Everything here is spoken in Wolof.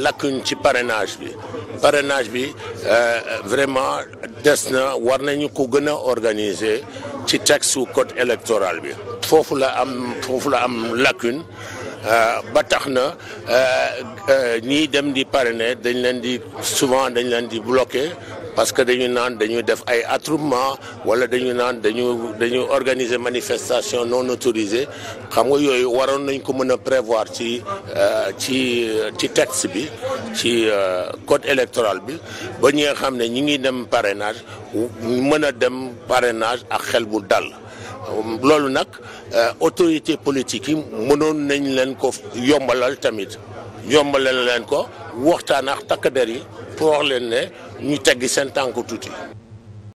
lacune ci parenage bi parenage bi euh, vraiment des na war nañu ko gën a organiser ci texte su code électoral bi foofu la am foofu la am lacune euh, ba tax na euh, ñiy dem di parrainer dañ leen di souvent dañ leen di bloquer parce que dañu naan dañu def ay attroupement wala dañu naan dañu dañu organiser manifestation non autorisée xam nga yooyu waroon nañ ko mën a prévoir ci euh, ci ci texte bi ci euh, code électoral bi ba ñi nga xam ne ñi ngi dem parenage mën a dem parenage ak xel bu dal loolu nag euh, autorité politique yi mënoon nañ leen ko yombalal tamit yombalal leen ko waxtaan ak takk der yi pour wax leen ne ñu teggi seen tànk tuuti.